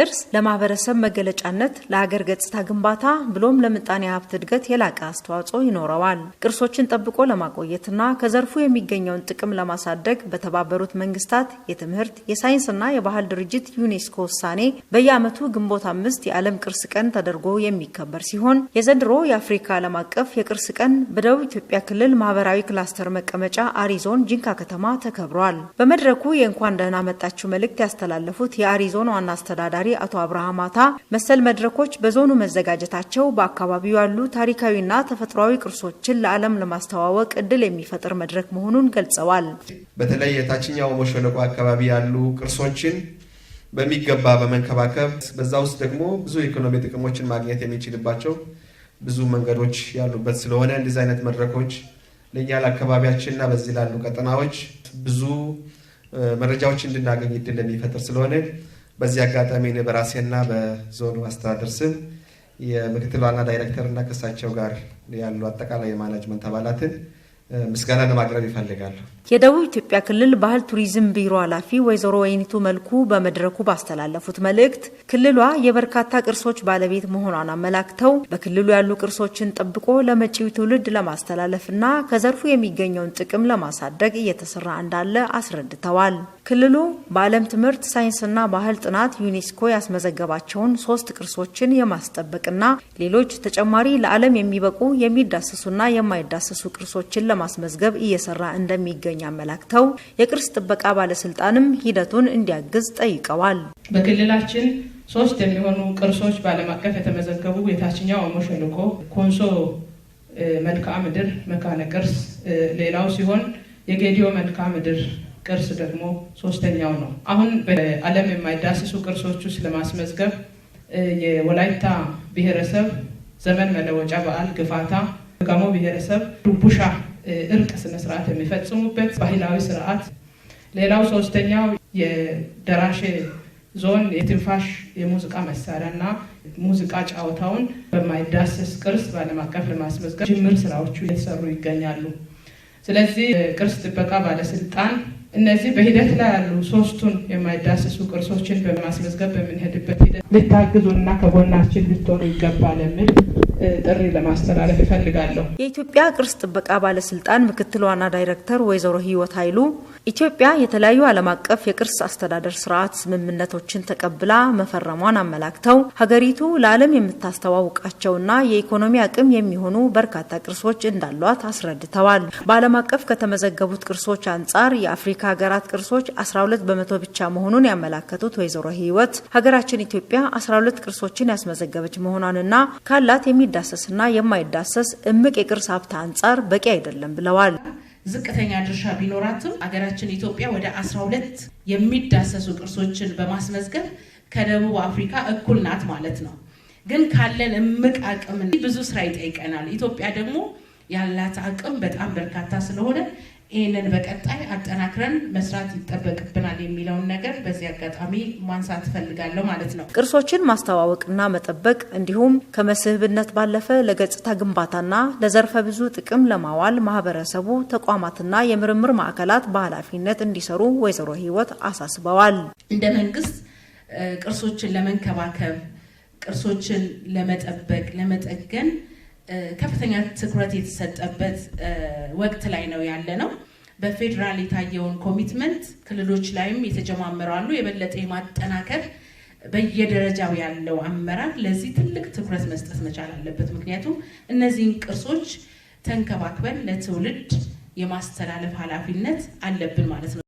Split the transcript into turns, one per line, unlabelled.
ቅርስ ለማህበረሰብ መገለጫነት ለሀገር ገጽታ ግንባታ ብሎም ለምጣኔ ሀብት እድገት የላቀ አስተዋጽኦ ይኖረዋል። ቅርሶችን ጠብቆ ለማቆየትና ከዘርፉ የሚገኘውን ጥቅም ለማሳደግ በተባበሩት መንግስታት የትምህርት የሳይንስና የባህል ድርጅት ዩኔስኮ ውሳኔ በየዓመቱ ግንቦት አምስት የዓለም ቅርስ ቀን ተደርጎ የሚከበር ሲሆን የዘንድሮ የአፍሪካ ዓለም አቀፍ የቅርስ ቀን በደቡብ ኢትዮጵያ ክልል ማህበራዊ ክላስተር መቀመጫ አሪዞን ጂንካ ከተማ ተከብሯል። በመድረኩ የእንኳን ደህና መጣችሁ መልእክት ያስተላለፉት የአሪዞን ዋና አስተዳዳሪ አስተዳዳሪ አቶ አብርሃም አታ መሰል መድረኮች በዞኑ መዘጋጀታቸው በአካባቢው ያሉ ታሪካዊና ተፈጥሯዊ ቅርሶችን ለዓለም ለማስተዋወቅ እድል የሚፈጥር መድረክ መሆኑን ገልጸዋል።
በተለይ የታችኛው ኦሞ ሸለቆ አካባቢ ያሉ ቅርሶችን በሚገባ በመንከባከብ በዛ ውስጥ ደግሞ ብዙ ኢኮኖሚ ጥቅሞችን ማግኘት የሚችልባቸው ብዙ መንገዶች ያሉበት ስለሆነ እንደዚህ አይነት መድረኮች ለእኛ ለአካባቢያችን እና በዚህ ላሉ ቀጠናዎች ብዙ መረጃዎች እንድናገኝ እድል የሚፈጥር ስለሆነ በዚህ አጋጣሚ እኔ በራሴና በዞኑ አስተዳደር ስም የምክትል ዋና ዳይሬክተር እና ከሳቸው ጋር ያሉ አጠቃላይ የማናጅመንት አባላትን ምስጋና ለማቅረብ ይፈልጋሉ።
የደቡብ ኢትዮጵያ ክልል ባህል ቱሪዝም ቢሮ ኃላፊ ወይዘሮ ወይኒቱ መልኩ በመድረኩ ባስተላለፉት መልእክት ክልሏ የበርካታ ቅርሶች ባለቤት መሆኗን አመላክተው በክልሉ ያሉ ቅርሶችን ጠብቆ ለመጪው ትውልድ ለማስተላለፍና ከዘርፉ የሚገኘውን ጥቅም ለማሳደግ እየተሰራ እንዳለ አስረድተዋል። ክልሉ በዓለም ትምህርት ሳይንስና ባህል ጥናት ዩኔስኮ ያስመዘገባቸውን ሶስት ቅርሶችን የማስጠበቅና ሌሎች ተጨማሪ ለዓለም የሚበቁ የሚዳሰሱና የማይዳሰሱ ቅርሶችን ለማስመዝገብ እየሰራ እንደሚገኝ አመላክተው የቅርስ ጥበቃ ባለስልጣንም ሂደቱን እንዲያግዝ ጠይቀዋል።
በክልላችን ሶስት የሚሆኑ ቅርሶች በዓለም አቀፍ የተመዘገቡ የታችኛው ኦሞ ሸለቆ፣ ኮንሶ መልክዓ ምድር መካነ ቅርስ ሌላው ሲሆን የጌዲዮ መልክዓ ምድር ቅርስ ደግሞ ሶስተኛው ነው። አሁን በዓለም የማይዳሰሱ ቅርሶች ውስጥ ለማስመዝገብ የወላይታ ብሔረሰብ ዘመን መለወጫ በዓል ግፋታ፣ ጋሞ ብሔረሰብ ዱቡሻ እርቅ ስነስርዓት የሚፈጽሙበት ባህላዊ ስርዓት፣ ሌላው ሶስተኛው የደራሼ ዞን የትንፋሽ የሙዚቃ መሳሪያና ሙዚቃ ጫወታውን በማይዳሰስ ቅርስ በዓለም አቀፍ ለማስመዝገብ ጅምር ስራዎቹ እየተሰሩ ይገኛሉ። ስለዚህ ቅርስ ጥበቃ ባለስልጣን እነዚህ በሂደት ላይ ያሉ ሶስቱን የማይዳሰሱ ቅርሶችን በማስመዝገብ በምንሄድበት ሂደት ልታግዙና ከጎናችን ልትሆኑ ይገባል የሚል ጥሪ ለማስተላለፍ ይፈልጋለሁ።
የኢትዮጵያ ቅርስ ጥበቃ ባለስልጣን ምክትል ዋና ዳይሬክተር ወይዘሮ ህይወት ኃይሉ ኢትዮጵያ የተለያዩ ዓለም አቀፍ የቅርስ አስተዳደር ስርዓት ስምምነቶችን ተቀብላ መፈረሟን አመላክተው ሀገሪቱ ለዓለም የምታስተዋውቃቸውና የኢኮኖሚ አቅም የሚሆኑ በርካታ ቅርሶች እንዳሏት አስረድተዋል። በዓለም አቀፍ ከተመዘገቡት ቅርሶች አንጻር የአፍሪካ ሀገራት ቅርሶች 12 በመቶ ብቻ መሆኑን ያመላከቱት ወይዘሮ ህይወት ሀገራችን ኢትዮጵያ 12 ቅርሶችን ያስመዘገበች መሆኗንና ካላት የሚ ከሚዳሰስና የማይዳሰስ እምቅ የቅርስ ሀብት አንጻር በቂ አይደለም ብለዋል።
ዝቅተኛ ድርሻ ቢኖራትም አገራችን ኢትዮጵያ ወደ 12 የሚዳሰሱ ቅርሶችን በማስመዝገብ ከደቡብ አፍሪካ እኩል ናት ማለት ነው። ግን ካለን እምቅ አቅም ብዙ ስራ ይጠይቀናል። ኢትዮጵያ ደግሞ ያላት አቅም በጣም በርካታ ስለሆነ ይህንን በቀጣይ አጠናክረን መስራት ይጠበቅብናል የሚለውን ነገር በዚህ አጋጣሚ ማንሳት እፈልጋለሁ ማለት ነው።
ቅርሶችን ማስተዋወቅና መጠበቅ እንዲሁም ከመስህብነት ባለፈ ለገጽታ ግንባታና ለዘርፈ ብዙ ጥቅም ለማዋል ማህበረሰቡ፣ ተቋማትና የምርምር ማዕከላት በኃላፊነት እንዲሰሩ ወይዘሮ ህይወት አሳስበዋል።
እንደ መንግስት ቅርሶችን ለመንከባከብ፣ ቅርሶችን ለመጠበቅ፣ ለመጠገን ከፍተኛ ትኩረት የተሰጠበት ወቅት ላይ ነው ያለ ነው። በፌዴራል የታየውን ኮሚትመንት ክልሎች ላይም አሉ። የበለጠ የማጠናከር በየደረጃው ያለው አመራር ለዚህ ትልቅ ትኩረት መስጠት መቻል አለበት። ምክንያቱም እነዚህን ቅርሶች ተንከባክበን ለትውልድ የማስተላለፍ ኃላፊነት አለብን ማለት ነው።